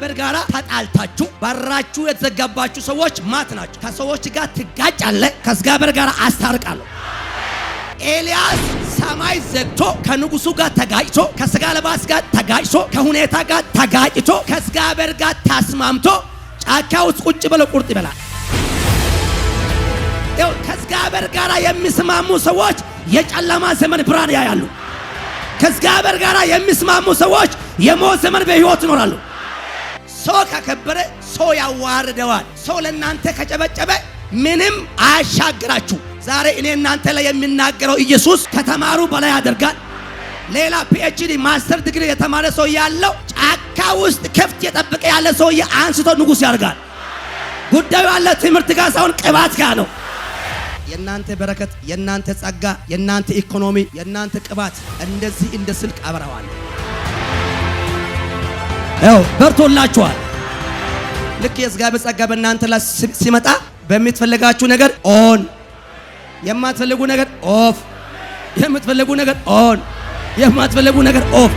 ከእግዚአብሔር ጋር ተጣልታችሁ በራችሁ የተዘጋባችሁ ሰዎች ማት ናቸው። ከሰዎች ጋር ትጋጫለ፣ ከእግዚአብሔር ጋር አስታርቃለሁ። ኤልያስ ሰማይ ዘግቶ ከንጉሱ ጋር ተጋጭቶ ከስጋ ለባስ ጋር ተጋጭቶ ከሁኔታ ጋር ተጋጭቶ ከእግዚአብሔር ጋር ተስማምቶ ጫካ ውስጥ ቁጭ ብለው ቁርጥ ይበላል። ከእግዚአብሔር ጋር የሚስማሙ ሰዎች የጨለማ ዘመን ብርሃን ያያሉ። ከእግዚአብሔር ጋር የሚስማሙ ሰዎች የሞት ዘመን በሕይወት ይኖራሉ። ሰው ካከበረ ሰው ያዋርደዋል። ሰው ለእናንተ ከጨበጨበ ምንም አያሻግራችሁ። ዛሬ እኔ እናንተ ላይ የሚናገረው ኢየሱስ ከተማሩ በላይ ያደርጋል። ሌላ ፒኤችዲ ማስተር ዲግሪ የተማረ ሰው ያለው ጫካ ውስጥ ከፍት የጠበቀ ያለ ሰውዬ አንስቶ ንጉሥ ያደርጋል። ጉዳዩ አለ ትምህርት ጋር ሳይሆን ቅባት ጋር ነው። የእናንተ በረከት፣ የእናንተ ጸጋ፣ የእናንተ ኢኮኖሚ፣ የእናንተ ቅባት እንደዚህ እንደ ስልክ አብረዋለሁ። ያው በርቶላችኋል። ልክ የእግዚአብሔር ጸጋ በእናንተ ላይ ሲመጣ በምትፈልጋችሁ ነገር ኦን፣ የማትፈልጉ ነገር ኦፍ፣ የምትፈልጉ ነገር ኦን፣ የማትፈልጉ ነገር ኦፍ።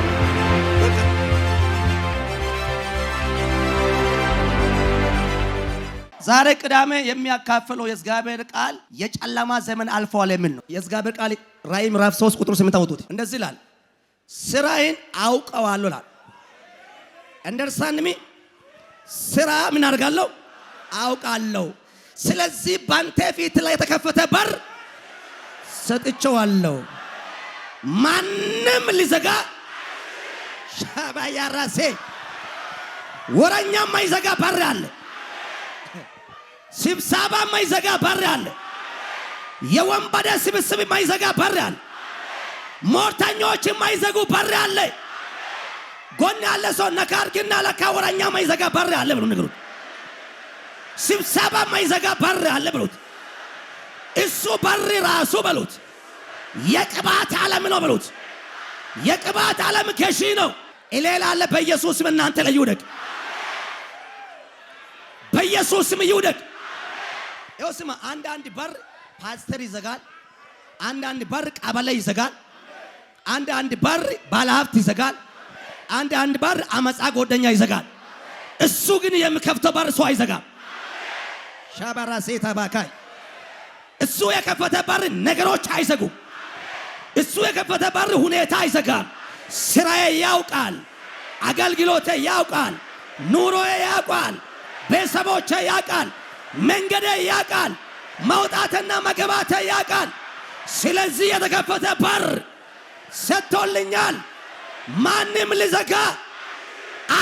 ዛሬ ቅዳሜ የሚያካፍለው የእግዚአብሔር ቃል የጨለማ ዘመን አልፈዋል የሚል ነው። የእግዚአብሔር ቃል ራእይ ምዕራፍ 3 ቁጥር 8 አውጡት። እንደዚህ ይላል፣ ስራዬን አውቀዋለሁ ይላል እንደርሳን ሚ ስራ ምን አድርጋለሁ አውቃለሁ። ስለዚህ ባንተ ፊት ላይ የተከፈተ በር ሰጥቼዋለሁ፣ ማንም ሊዘጋ ሻባያ ራሴ ወረኛ ማይዘጋ በር አለ። ስብሰባ ማይዘጋ በር አለ። የወንበደ ስብስብ ማይዘጋ በር አለ። ሞርተኞች ማይዘጉ በር አለ። ጎን ያለ ሰው ነካርኪና ለካ ወራኛ ማይዘጋ በር አለ ብሎ ንግሩት። ስብሰባ ማይዘጋ በር አለ ብሎት እሱ በር ራሱ በሉት የቅባት ዓለም ነው በሉት። የቅባት ዓለም ከሺ ነው ኢሌል አለ። በኢየሱስም እናንተ ላይ ይውደቅ፣ በኢየሱስም ይውደቅ። ይኸው ስማ፣ አንዳንድ በር ፓስተር ይዘጋል፣ አንዳንድ በር ቀበሌ ይዘጋል፣ አንዳንድ በር ባለሀብት ይዘጋል። አንድ አንድ በር አመፃ ጎደኛ ይዘጋል። እሱ ግን የምከፍተ በር ሰው አይዘጋም። ሻባራ ሴት አባካይ እሱ የከፈተ በር ነገሮች አይዘጉም። እሱ የከፈተ በር ሁኔታ አይዘጋም። ስራዬ ያውቃል፣ አገልግሎቴ ያውቃል፣ ኑሮዬ ያውቃል፣ ቤተሰቦቼ ያውቃል፣ መንገዴ ያውቃል፣ መውጣትና መገባቴ ያውቃል። ስለዚህ የተከፈተ በር ሰጥቶልኛል። ማንም ልዘጋ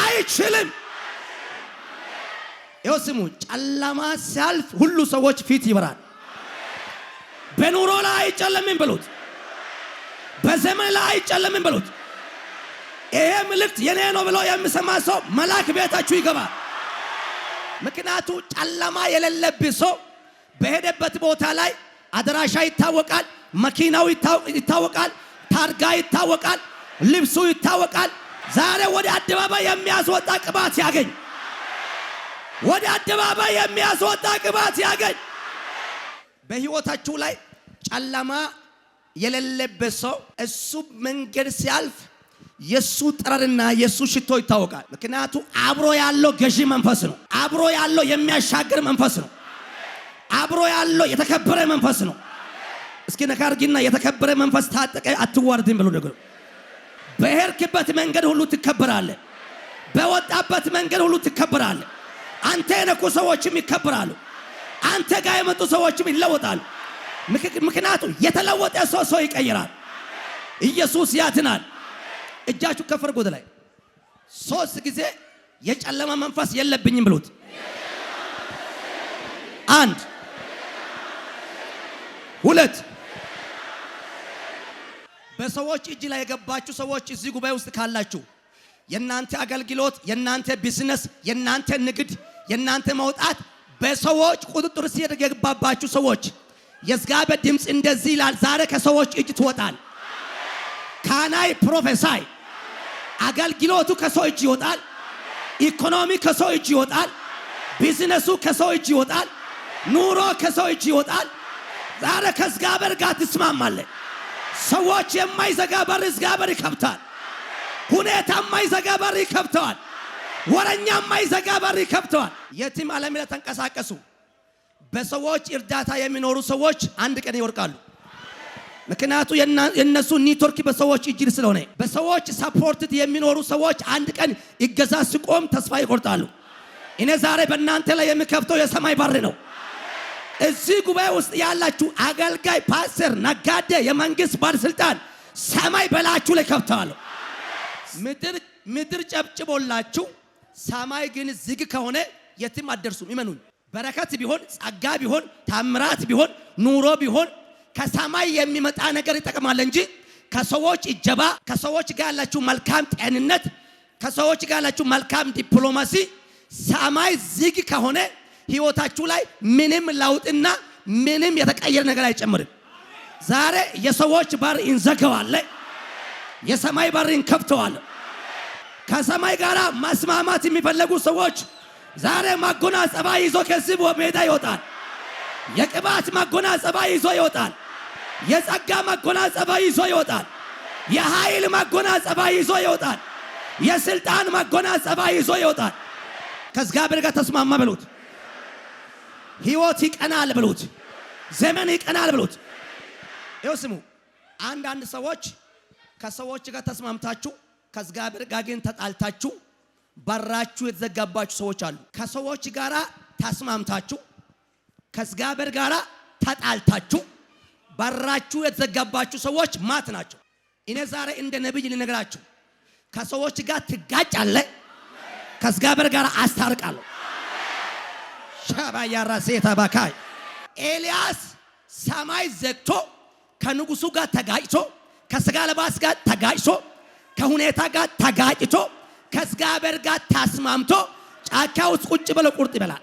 አይችልም። ይኸው ስሙ፣ ጨለማ ሲያልፍ ሁሉ ሰዎች ፊት ይበራል። በኑሮ ላይ አይጨለምም ብሉት። በዘመን ላይ አይጨለምም ብሉት ይሄ ምልክት የኔ ነው ብሎ የሚሰማ ሰው መልአክ ቤታችሁ ይገባል። ምክንያቱ ጨለማ የሌለብህ ሰው በሄደበት ቦታ ላይ አድራሻ ይታወቃል፣ መኪናው ይታወቃል፣ ታርጋ ይታወቃል። ልብሱ ይታወቃል። ዛሬ ወደ አደባባይ የሚያስወጣ ቅባት ያገኝ። ወደ አደባባይ የሚያስወጣ ቅባት ያገኝ። በህይወታችሁ ላይ ጨለማ የሌለበት ሰው እሱ መንገድ ሲያልፍ የሱ ጥረርና የሱ ሽቶ ይታወቃል። ምክንያቱ አብሮ ያለው ገዢ መንፈስ ነው። አብሮ ያለው የሚያሻገር መንፈስ ነው። አብሮ ያለው የተከበረ መንፈስ ነው። እስኪ ነካርጊና የተከበረ መንፈስ ታጠቀ አትዋርድም ብሎ ነገር በሄርክበት መንገድ ሁሉ ትከበራለ። በወጣበት መንገድ ሁሉ ትከበራለ። አንተ የነኩ ሰዎችም ይከበራሉ። አንተ ጋር የመጡ ሰዎችም ይለወጣሉ። ምክንያቱም የተለወጠ ሰው ሰው ይቀይራል። ኢየሱስ ያድናል። እጃችሁ ከፈርጎት ላይ ሶስት ጊዜ የጨለማ መንፈስ የለብኝም ብሉት። አንድ ሁለት በሰዎች እጅ ላይ የገባችሁ ሰዎች እዚህ ጉባኤ ውስጥ ካላችሁ የእናንተ አገልግሎት፣ የእናንተ ቢዝነስ፣ የእናንተ ንግድ፣ የእናንተ መውጣት በሰዎች ቁጥጥር ስር የገባባችሁ ሰዎች የእግዚአብሔር ድምፅ እንደዚህ ይላል፣ ዛሬ ከሰዎች እጅ ትወጣል። ካናይ ፕሮፌሳይ አገልግሎቱ ከሰው እጅ ይወጣል። ኢኮኖሚ ከሰው እጅ ይወጣል። ቢዝነሱ ከሰው እጅ ይወጣል። ኑሮ ከሰው እጅ ይወጣል። ዛሬ ከእግዚአብሔር ጋር ትስማማለህ። ሰዎች የማይዘጋ በር እግዚአብሔር ይከብታል። ሁኔታ የማይዘጋ በር ይከብተዋል። ወረኛ የማይዘጋ በር ይከብተዋል። የትም ዓለም ላይ ተንቀሳቀሱ በሰዎች እርዳታ የሚኖሩ ሰዎች አንድ ቀን ይወርቃሉ። ምክንያቱ የነሱ ኔትወርክ በሰዎች እጅ ስለሆነ በሰዎች ሰፖርት የሚኖሩ ሰዎች አንድ ቀን ይገዛ ሲቆም ተስፋ ይቆርጣሉ። እኔ ዛሬ በእናንተ ላይ የሚከፍተው የሰማይ በር ነው። እዚህ ጉባኤ ውስጥ ያላችሁ አገልጋይ፣ ፓስተር፣ ነጋዴ፣ የመንግስት ባለስልጣን ሰማይ በላችሁ ላይ ከፍተዋለሁ። ምድር ጨብጭቦላችሁ ሰማይ ግን ዝግ ከሆነ የትም አደርሱም። ይመኑኝ። በረከት ቢሆን ጸጋ ቢሆን ታምራት ቢሆን ኑሮ ቢሆን ከሰማይ የሚመጣ ነገር ይጠቅማል እንጂ ከሰዎች እጀባ፣ ከሰዎች ጋር ያላችሁ መልካም ጤንነት፣ ከሰዎች ጋር ያላችሁ መልካም ዲፕሎማሲ ሰማይ ዝግ ከሆነ ህይወታችሁ ላይ ምንም ለውጥና ምንም የተቀየረ ነገር አይጨምርም። ዛሬ የሰዎች በር እንዘገዋለን፣ የሰማይ በር እንከፍተዋለን። ከሰማይ ጋር መስማማት የሚፈለጉ ሰዎች ዛሬ ማጎናጸባ ይዞ ከዚህ ሜዳ ይወጣል። የቅባት ማጎናጸባ ይዞ ይወጣል። የጸጋ ማጎናጸባ ይዞ ይወጣል። የኃይል ማጎናጸባ ይዞ ይወጣል። የስልጣን ማጎናጸባ ይዞ ይወጣል። ከእግዚአብሔር ጋር ተስማማ በሉት። ህይወት ይቀናል ብሉት። ዘመን ይቀናል ብሉት። ይው ስሙ። አንዳንድ ሰዎች ከሰዎች ጋር ተስማምታችሁ ከእግዚአብሔር ጋር ግን ተጣልታችሁ በራችሁ የተዘጋባችሁ ሰዎች አሉ። ከሰዎች ጋራ ተስማምታችሁ ከእግዚአብሔር ጋራ ተጣልታችሁ በራችሁ የተዘጋባችሁ ሰዎች ማት ናቸው። እኔ ዛሬ እንደ ነቢይ ልነግራችሁ፣ ከሰዎች ጋር ትጋጫለህ፣ ከእግዚአብሔር ጋር አስታርቃለሁ። ሻባያራሴታ ባካይ ኤልያስ ሰማይ ዘግቶ ከንጉሱ ጋር ተጋጭቶ ከስጋ ለባስ ጋር ተጋጭቶ ከሁኔታ ጋር ተጋጭቶ ከእግዚአብሔር ጋር ታስማምቶ ጫካ ውስጥ ቁጭ ብለው ቁርጥ ይበላል።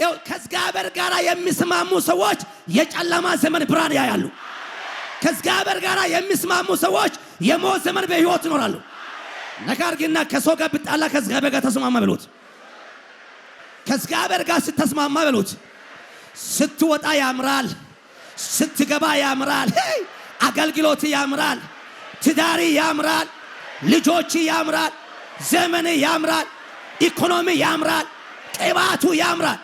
ይኸው ከእግዚአብሔር ጋር የሚስማሙ ሰዎች የጨለማ ዘመን ብርሃን ያያሉ። ከእግዚአብሔር ጋር የሚስማሙ ሰዎች የሞት ዘመን በህይወት ይኖራሉ። ነጋር ከሰው ጋር ብጣላ ከእግዚአብሔር ጋር ተስማማ ብሎት ከእግዚአብሔር ጋር ስተስማማ በሉት ስትወጣ ያምራል፣ ስትገባ ያምራል፣ አገልግሎት ያምራል፣ ትዳሪ ያምራል፣ ልጆች ያምራል፣ ዘመን ያምራል፣ ኢኮኖሚ ያምራል፣ ቅባቱ ያምራል።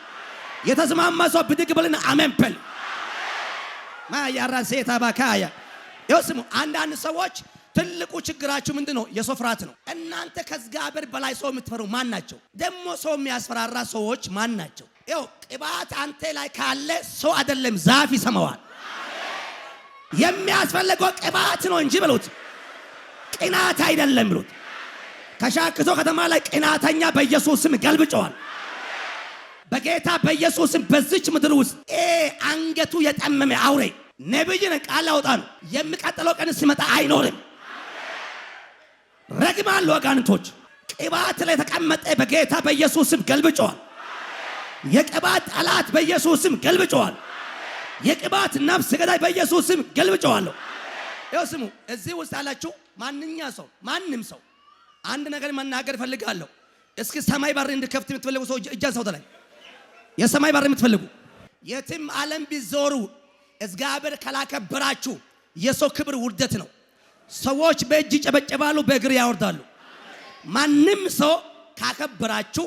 የተስማማ ሰው ብድግ ብልና አሜን በል። ማያራ ሴታ ባካያ ይኸው ስሙ አንዳንድ ሰዎች ትልቁ ችግራችሁ ምንድን ነው? የሰው ፍርሃት ነው። እናንተ ከእግዚአብሔር በላይ ሰው የምትፈሩ ማን ናቸው? ደግሞ ሰው የሚያስፈራራ ሰዎች ማን ናቸው? ይኸው ቅባት አንተ ላይ ካለ ሰው አይደለም ዛፍ ይሰማዋል። የሚያስፈልገው ቅባት ነው እንጂ ብሉት፣ ቅናት አይደለም ብሉት። ከሻክሶ ከተማ ላይ ቅናተኛ በኢየሱስም ስም ገልብጨዋል። በጌታ በኢየሱስም ስም በዚች ምድር ውስጥ አንገቱ የጠመመ አውሬ ነብይን ቃል አውጣ ነው። የሚቀጥለው ቀን ሲመጣ አይኖርም። ረግማሉ አጋንንቶች። ቅባት ላይ ተቀመጠ በጌታ በኢየሱስ ስም ገልብጨዋል። የቅባት ጠላት በኢየሱስ ስም ገልብጨዋል። የቅባት ነፍስ ገዳይ በኢየሱስ ስም ገልብጨዋለሁ። ይኸው ስሙ፣ እዚህ ውስጥ ያላችሁ ማንኛ ሰው ማንም ሰው አንድ ነገር መናገር እፈልጋለሁ። እስኪ ሰማይ በር እንድከፍት የምትፈልጉ ሰው እጃን ሰው ተላይ የሰማይ በር የምትፈልጉ የትም ዓለም ቢዞሩ እግዚአብሔር ካላከበራችሁ የሰው ክብር ውርደት ነው። ሰዎች በእጅ ይጨበጨባሉ፣ በእግር ያወርዳሉ። ማንም ሰው ካከበራችሁ፣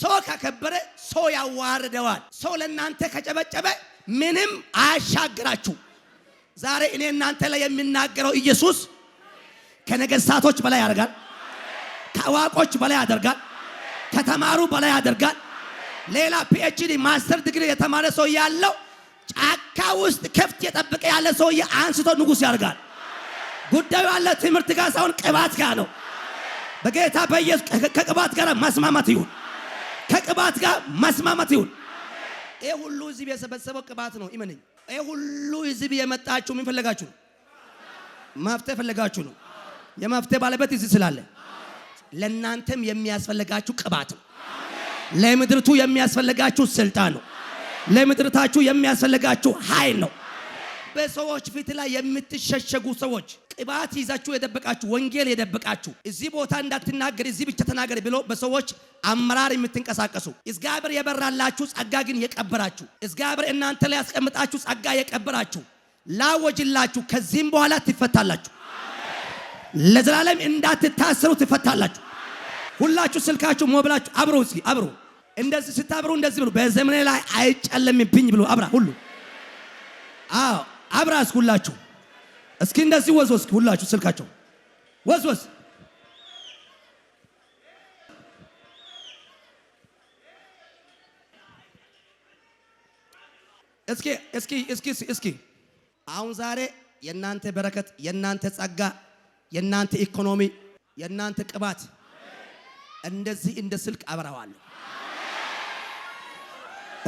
ሰው ካከበረ ሰው ያዋርደዋል። ሰው ለእናንተ ከጨበጨበ ምንም አያሻግራችሁ። ዛሬ እኔ እናንተ ላይ የሚናገረው ኢየሱስ ከነገሥታቶች በላይ ያደርጋል። ከአዋቆች በላይ ያደርጋል። ከተማሩ በላይ ያደርጋል። ሌላ ፒኤችዲ ማስተር ዲግሪ የተማረ ሰው ያለው ጫካ ውስጥ ከፍት የጠበቀ ያለ ሰውዬ አንስቶ ንጉሥ ያደርጋል። ጉዳዩ አለ ትምህርት ጋር ሳይሆን ቅባት ጋር ነው። በጌታ በኢየሱስ ከቅባት ጋር መስማማት ይሁን። ከቅባት ጋር መስማማት ይሁን። ይህ ሁሉ ህዝብ የሰበሰበው ቅባት ነው። ይመነኝ። ይህ ሁሉ ህዝብ የመጣችሁ ምን ፈለጋችሁ? መፍትሄ ፈለጋችሁ ነው። የመፍትሄ ባለቤት እዚህ ስላለ ለእናንተም የሚያስፈልጋችሁ ቅባት ነው። ለምድርቱ የሚያስፈልጋችሁ ስልጣን ነው። ለምድርታችሁ የሚያስፈልጋችሁ ኃይል ነው። በሰዎች ፊት ላይ የምትሸሸጉ ሰዎች ቅባት ይዛችሁ የደበቃችሁ ወንጌል የደበቃችሁ እዚህ ቦታ እንዳትናገር እዚህ ብቻ ተናገር ብሎ በሰዎች አመራር የምትንቀሳቀሱ እግዚአብሔር የበራላችሁ ጸጋ ግን የቀበራችሁ እግዚአብሔር እናንተ ላይ ያስቀምጣችሁ ጸጋ የቀበራችሁ ላወጅላችሁ ከዚህም በኋላ ትፈታላችሁ። ለዘላለም እንዳትታሰሩ ትፈታላችሁ። ሁላችሁ ስልካችሁ ሞብላችሁ አብሮ እስኪ አብሮ እንደዚህ ስታብሩ እንደዚህ ብሎ በዘመኔ ላይ አይጨለምብኝ ብሎ አብራ ሁሉ አዎ አብራ እስኩላችሁ እስኪ እንደዚህ ወዝ ወዝ ሁላችሁ ስልካቸው ወዝ እስኪ እስኪ እስኪ እስኪ አሁን ዛሬ የእናንተ በረከት የእናንተ ጸጋ የእናንተ ኢኮኖሚ የእናንተ ቅባት እንደዚህ እንደ ስልክ አበራዋለሁ።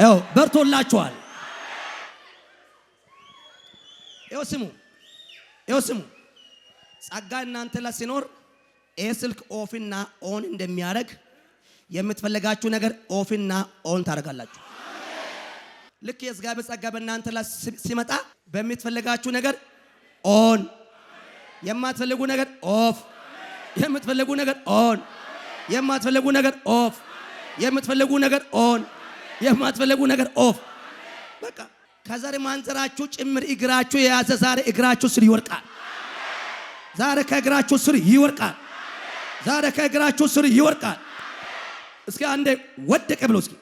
ይኸው በርቶላችኋል። ይኸው ስሙ ይኸው ስሙ። ጸጋ እናንተ ላይ ሲኖር ይህ ስልክ ኦፍና ኦን እንደሚያደርግ የምትፈልጋችሁ ነገር ኦፍና ኦን ታደርጋላችሁ። ልክ የእግዚአብሔር ጸጋ በእናንተ ላይ ሲመጣ በምትፈልጋችሁ ነገር ኦን፣ የማትፈልጉ ነገር ኦፍ፣ የምትፈልጉ ነገር ኦን፣ የማትፈልጉ ነገር ኦፍ፣ የምትፈልጉ ነገር ኦን፣ የማትፈልጉ ነገር ኦፍ በቃ ከዛሬ ማንዘራችሁ ጭምር እግራችሁ የያዘ ዛሬ እግራችሁ ስር ይወርቃል። ዛሬ ከእግራችሁ ስር ይወርቃል። ዛሬ ከእግራችሁ ስር ይወርቃል። እስኪ አንዴ ወደቀ ብሎ እስኪ